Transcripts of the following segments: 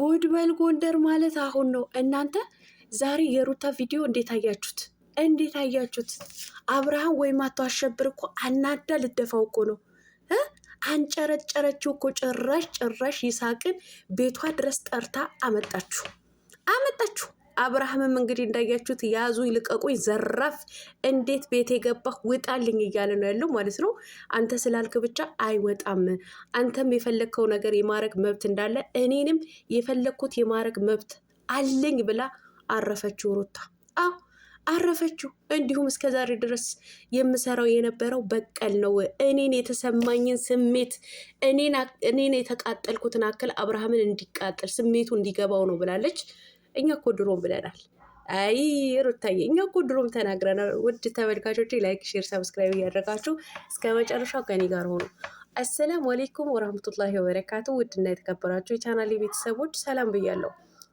ጎድ በል ጎንደር ማለት አሁን ነው። እናንተ ዛሬ የሩታ ቪዲዮ እንዴት አያችሁት? እንዴት አያችሁት? አብርሃም ወይም አቶ አሸብር እኮ አናዳ ልደፋው እኮ ነው። አንጨረጨረችው እኮ ጭራሽ ጭራሽ ይሳቅን ቤቷ ድረስ ጠርታ አመጣችሁ አመጣችሁ። አብርሃምም እንግዲህ እንዳያችሁት ያዙ ይልቀቁኝ፣ ዘራፍ፣ እንዴት ቤት የገባህ ውጣልኝ እያለ ነው ያለው ማለት ነው። አንተ ስላልክ ብቻ አይወጣም። አንተም የፈለግከው ነገር የማረግ መብት እንዳለ እኔንም የፈለግኩት የማረግ መብት አለኝ ብላ አረፈችው ሩታ። አዎ አረፈችው። እንዲሁም እስከዛሬ ድረስ የምሰራው የነበረው በቀል ነው። እኔን የተሰማኝን ስሜት እኔን የተቃጠልኩትን አክል አብርሃምን እንዲቃጠል ስሜቱ እንዲገባው ነው ብላለች። እኛ እኮ ድሮም ብለናል። አይ ሩታዬ፣ እኛ እኮ ድሮም ተናግረናል። ውድ ተመልካቾች ላይክ፣ ሼር፣ ሰብስክራይብ እያደረጋችሁ እስከ መጨረሻው ከኔ ጋር ሆኑ። አሰላሙ አሌይኩም ወራህመቱላሂ ወበረካቱ። ውድና የተከበራችሁ የቻናል ቤተሰቦች ሰላም ብያለሁ።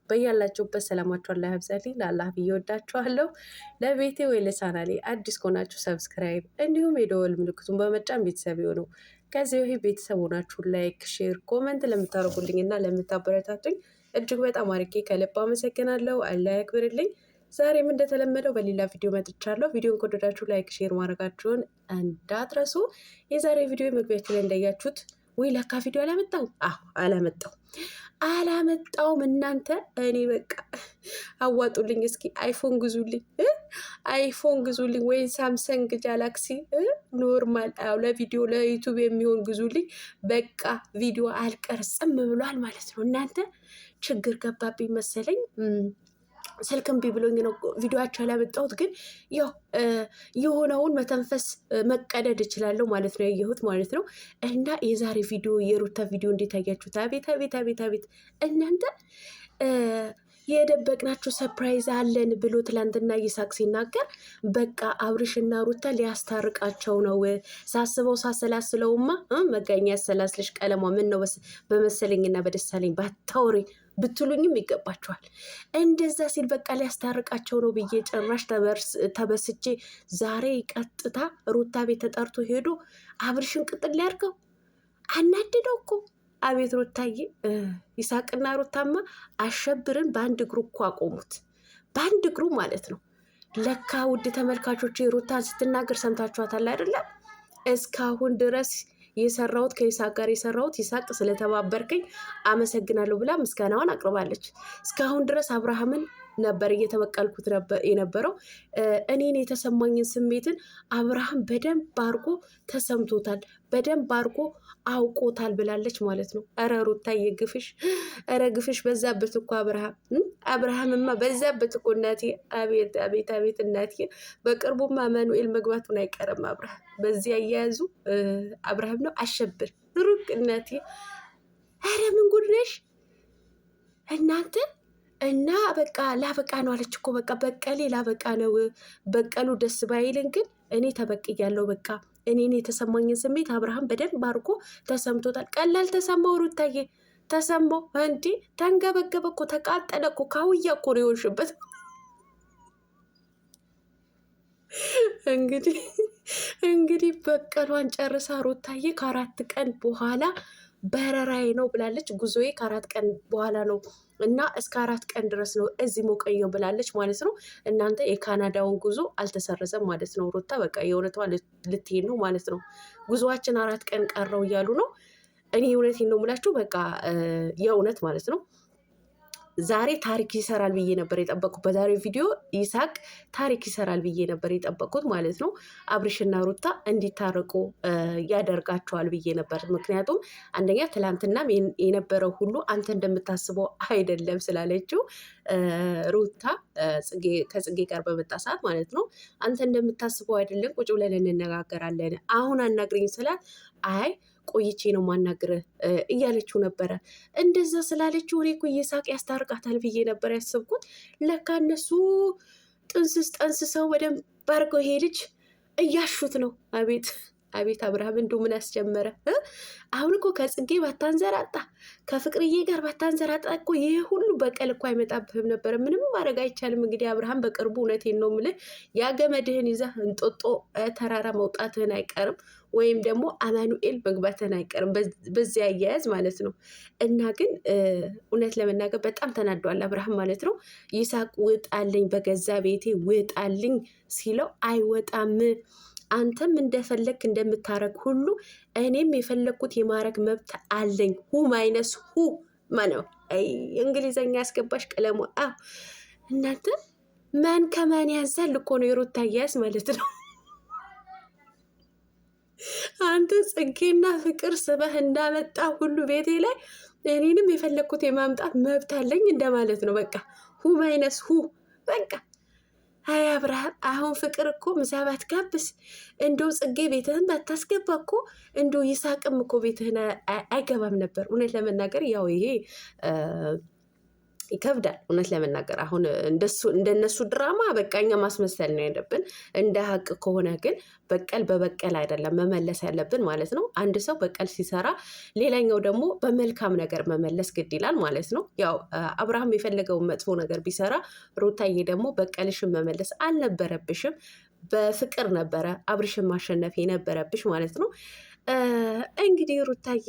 በያላችሁበት ሰላማችሁ አላህ ያብዛልኝ። ለአላህ ብዬ ወዳችኋለሁ። ለቤቴ ወይ ለቻናሌ አዲስ ከሆናችሁ ሰብስክራይብ እንዲሁም የደወል ምልክቱን በመጫን ቤተሰብ የሆኑ ከዚህ በፊት ቤተሰብ ሆናችሁ ላይክ፣ ሼር፣ ኮመንት ለምታደርጉልኝ እና ለምታበረታቱኝ እጅግ በጣም አርጌ ከልብ አመሰግናለሁ። አላህ ያክብርልኝ። ዛሬም እንደተለመደው በሌላ ቪዲዮ መጥቻለሁ። ቪዲዮን ከወደዳችሁ ላይክ፣ ሼር ማድረጋችሁን እንዳትረሱ። የዛሬ ቪዲዮ መግቢያችን ላይ እንዳያችሁት ወይ ለካ ቪዲዮ አላመጣው አላመጣው አላመጣውም። እናንተ እኔ በቃ አዋጡልኝ፣ እስኪ አይፎን ግዙልኝ፣ አይፎን ግዙልኝ፣ ወይ ሳምሰንግ ጃላክሲ ኖርማል ለቪዲዮ ለዩቱብ የሚሆን ግዙልኝ። በቃ ቪዲዮ አልቀርጽም ብሏል ማለት ነው እናንተ ችግር ገባብኝ መሰለኝ ስልክም እምቢ ብሎኝ ነው ቪዲዮቸው ያላመጣሁት። ግን ያው የሆነውን መተንፈስ መቀደድ እችላለሁ ማለት ነው ያየሁት ማለት ነው። እና የዛሬ ቪዲዮ የሩታ ቪዲዮ እንዴት አያችሁት? አቤት አቤት አቤት አቤት! እናንተ የደበቅናቸው ሰፕራይዝ አለን ብሎ ትላንትና ይሳቅ ሲናገር በቃ አብርሽና ሩታ ሊያስታርቃቸው ነው። ሳስበው ሳሰላስለውማ መጋኛ ያሰላስልሽ ቀለሟ ምን ነው በመሰለኝና በደሳለኝ ባታውሬ ብትሉኝም ይገባቸዋል እንደዛ ሲል በቃ ሊያስታርቃቸው ነው ብዬ ጭራሽ ተበስቼ ዛሬ ቀጥታ ሩታ ቤት ተጠርቶ ሄዶ አብርሽን ቅጥል ሊያርገው አናድደው እኮ አቤት ሩታዬ፣ ይሳቅና ሩታማ አሸብርን በአንድ እግሩ እኮ አቆሙት። በአንድ እግሩ ማለት ነው። ለካ ውድ ተመልካቾች ሩታን ስትናገር ሰምታችኋታል አይደለም? እስካሁን ድረስ የሰራሁት ከይሳቅ ጋር የሰራሁት ይሳቅ ስለተባበርከኝ አመሰግናለሁ ብላ ምስጋናዋን አቅርባለች። እስካሁን ድረስ አብርሃምን ነበር እየተበቀልኩት የነበረው። እኔን የተሰማኝን ስሜትን አብርሃም በደንብ አርጎ ተሰምቶታል፣ በደንብ አድርጎ አውቆታል ብላለች ማለት ነው። ኧረ ሩታዬ ግፍሽ፣ ኧረ ግፍሽ በዛበት እኮ አብርሃም አብርሃምማ በዛበት እኮ እናቴ። አቤት አቤት አቤት እናቴ። በቅርቡማ ማኑኤል መግባቱን አይቀርም አብርሃም። በዚህ አያያዙ አብርሃም ነው አሸብር ሩቅ እናቴ። ኧረ ምን ጉድ ነሽ እና በቃ ላበቃ ነው አለች እኮ በቃ በቀሌ ላበቃ ነው። በቀሉ ደስ ባይልን ግን እኔ ተበቅያለሁ። በቃ እኔን የተሰማኝን ስሜት አብርሃም በደንብ አድርጎ ተሰምቶታል። ቀላል ተሰማው፣ ሩታዬ ተሰማው። እንዲ ተንገበገበ እኮ ተቃጠለ እኮ ካውያ እኮ ነው የሆንሽበት። እንግዲህ እንግዲህ በቀሏን ጨርሳ ሩታዬ ከአራት ቀን በኋላ በረራዬ ነው ብላለች። ጉዞዬ ከአራት ቀን በኋላ ነው እና እስከ አራት ቀን ድረስ ነው እዚህ ሞቀኘው ብላለች ማለት ነው። እናንተ የካናዳውን ጉዞ አልተሰረዘም ማለት ነው። ሩታ በቃ የእውነቷ ልትሄድ ነው ማለት ነው። ጉዞዋችን አራት ቀን ቀረው እያሉ ነው። እኔ እውነት ነው የምላችሁ በቃ የእውነት ማለት ነው። ዛሬ ታሪክ ይሰራል ብዬ ነበር የጠበቁት። በዛሬው ቪዲዮ ይሳቅ ታሪክ ይሰራል ብዬ ነበር የጠበቁት ማለት ነው። አብርሽና ሩታ እንዲታረቁ ያደርጋቸዋል ብዬ ነበር። ምክንያቱም አንደኛ ትላንትና የነበረው ሁሉ አንተ እንደምታስበው አይደለም ስላለችው ሩታ ከጽጌ ጋር በመጣ ሰዓት ማለት ነው አንተ እንደምታስበው አይደለም፣ ቁጭ ብለን እንነጋገራለን፣ አሁን አናግረኝ ስላት አይ ቆይቼ ነው ማናግርህ እያለችው ነበረ። እንደዛ ስላለችው እኔ እኮ እየሳቅ ያስታርቃታል ብዬ ነበር ያስብኩት። ለካ እነሱ ጥንስስ ጠንስሰው በደንብ አድርገው ይሄ ልጅ እያሹት ነው። አቤት አቤት አብርሃም እንዱ ምን አስጀመረ? አሁን እኮ ከጽጌ ባታንዘራጣ ከፍቅርዬ ጋር ባታንዘራጣ እኮ ይህ ሁሉ በቀል እኮ አይመጣብህም ነበረ። ምንም ማድረግ አይቻልም። እንግዲህ አብርሃም በቅርቡ እውነቴን ነው የምልህ ያገመድህን ይዘህ እንጦጦ ተራራ መውጣትህን አይቀርም፣ ወይም ደግሞ አማኑኤል መግባትህን አይቀርም። በዚ አያያዝ ማለት ነው። እና ግን እውነት ለመናገር በጣም ተናዷል አብርሃም ማለት ነው። ይሳቅ ውጣልኝ፣ በገዛ ቤቴ ውጣልኝ ሲለው አይወጣም አንተም እንደፈለግክ እንደምታረግ ሁሉ እኔም የፈለግኩት የማረግ መብት አለኝ። ሁ ማይነስ ሁ ማነው? እንግሊዘኛ ያስገባሽ ቀለሙ እናንተ ማን ከማን ያዛል እኮ ነው የሩታ አያያዝ ማለት ነው። አንተ ጽጌና ፍቅር ስበህ እንዳመጣ ሁሉ ቤቴ ላይ እኔንም የፈለግኩት የማምጣት መብት አለኝ እንደማለት ነው። በቃ ሁ ማይነስ ሁ በቃ አይ አብርሃም፣ አሁን ፍቅር እኮ ምሳ ባትጋብስ እንደው ጽጌ ቤትህን ባታስገባ እኮ እንደው ይሳቅም እኮ ቤትህን አይገባም ነበር። እውነት ለመናገር ያው ይሄ ይከብዳል። እውነት ለመናገር አሁን እንደነሱ ድራማ በቃኛ ማስመሰል ነው ያለብን። እንደ ሀቅ ከሆነ ግን በቀል በበቀል አይደለም መመለስ ያለብን ማለት ነው። አንድ ሰው በቀል ሲሰራ፣ ሌላኛው ደግሞ በመልካም ነገር መመለስ ግድ ይላል ማለት ነው። ያው አብርሃም የፈለገውን መጥፎ ነገር ቢሰራ፣ ሩታዬ ደግሞ በቀልሽን መመለስ አልነበረብሽም። በፍቅር ነበረ አብርሽን ማሸነፍ የነበረብሽ ማለት ነው። እንግዲህ ሩታዬ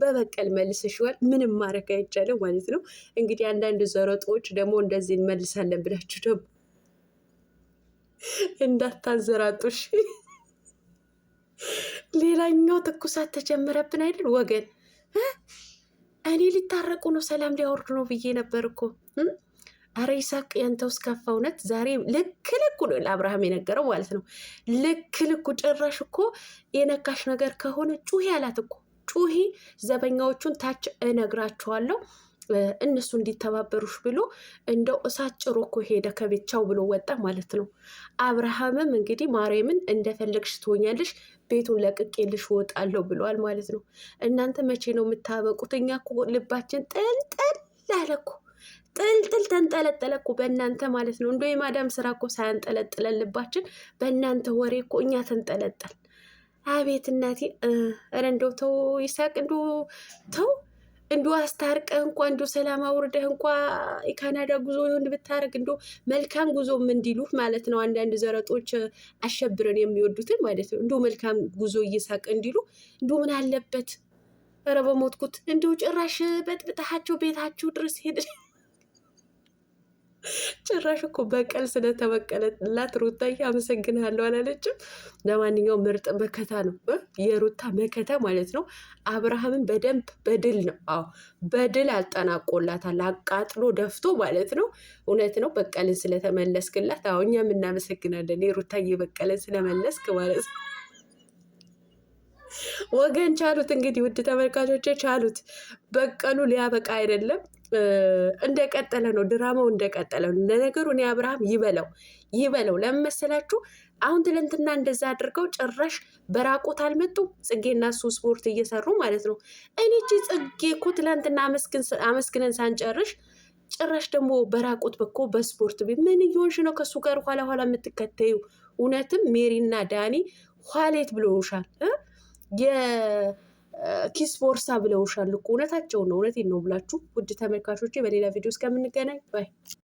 በበቀል መልሰሽዋል። ምንም ማድረግ አይቻልም ማለት ነው። እንግዲህ አንዳንድ ዘረጦች ደግሞ እንደዚህ እንመልሳለን ብላችሁ ደግሞ እንዳታዘራጡሽ። ሌላኛው ትኩሳት ተጀመረብን አይደል ወገን? እኔ ሊታረቁ ነው፣ ሰላም ሊያወርዱ ነው ብዬ ነበር እኮ አረ ይስሐቅ ያንተው ከፋ። እውነት ዛሬ ልክ ልኩ ለአብርሃም የነገረው ማለት ነው። ልክ ልኩ ጭራሽ እኮ የነካሽ ነገር ከሆነ ጩሂ አላት እኮ ጩሂ። ዘበኛዎቹን ታች እነግራችኋለሁ እነሱ እንዲተባበሩሽ ብሎ እንደው እሳት ጭሮ እኮ ሄደ። ከቤት ቻው ብሎ ወጣ ማለት ነው። አብርሃምም እንግዲህ ማርያምን እንደፈለግሽ ትሆኛለሽ፣ ቤቱን ለቅቄልሽ እወጣለሁ ብለዋል ማለት ነው። እናንተ መቼ ነው የምታበቁት? እኛ እኮ ልባችን ጥልጥል አለ እኮ ጥልጥል ተንጠለጠለ እኮ በእናንተ ማለት ነው። እንደ የማዳም ስራ እኮ ሳያንጠለጥለን ልባችን በእናንተ ወሬ እኮ እኛ ተንጠለጠል። አቤት እናቴ! ኧረ እንደው ተው ይሳቅ፣ እንዶ ተው እንዶ አስታርቀህ እንኳ እንዶ ሰላም አውርደህ እንኳ የካናዳ ጉዞ ይሁን ብታረግ እንዶ መልካም ጉዞም እንዲሉህ ማለት ነው። አንዳንድ ዘረጦች አሸብረን የሚወዱትን ማለት ነው። እንዶ መልካም ጉዞ እየሳቅ እንዲሉ እንዶ ምን አለበት? ኧረ በሞትኩት እንዲሁ ጭራሽ በጥብጣሃቸው ቤታቸው ድረስ ሄድ ጭራሽ እኮ በቀል ስለተበቀለላት ሩታዬ አመሰግናለሁ አላለችም። ለማንኛውም ምርጥ መከታ ነው የሩታ መከታ ማለት ነው። አብርሃምን በደንብ በድል ነው። አዎ በድል አጠናቆላታል። አቃጥሎ ደፍቶ ማለት ነው። እውነት ነው። በቀልን ስለተመለስክላት፣ አዎ እኛም እናመሰግናለን የሩታ እየበቀለን ስለመለስክ ማለት ነው። ወገን ቻሉት። እንግዲህ ውድ ተመልካቾች ቻሉት። በቀሉ ሊያበቃ አይደለም፣ እንደቀጠለ ነው። ድራማው እንደቀጠለ ነው። ለነገሩ እኔ አብርሃም ይበለው ይበለው። ለምን መሰላችሁ? አሁን ትናንትና እንደዛ አድርገው ጭራሽ በራቆት አልመጡ ጽጌና እሱ ስፖርት እየሰሩ ማለት ነው። እኔቺ ጽጌ እኮ ትናንትና አመስግነን ሳንጨርሽ ጭራሽ ደግሞ በራቁት በኮ በስፖርት ቤት ምን እየሆንሽ ነው? ከእሱ ጋር ኋላ ኋላ የምትከተዩ እውነትም ሜሪና ዳኒ ኋሌት ብሎሻል። የኪስ ቦርሳ ብለውሻል እኮ እውነታቸው ነው። እውነቴን ነው ብላችሁ ውድ ተመልካቾች በሌላ ቪዲዮ እስከምንገናኝ ባይ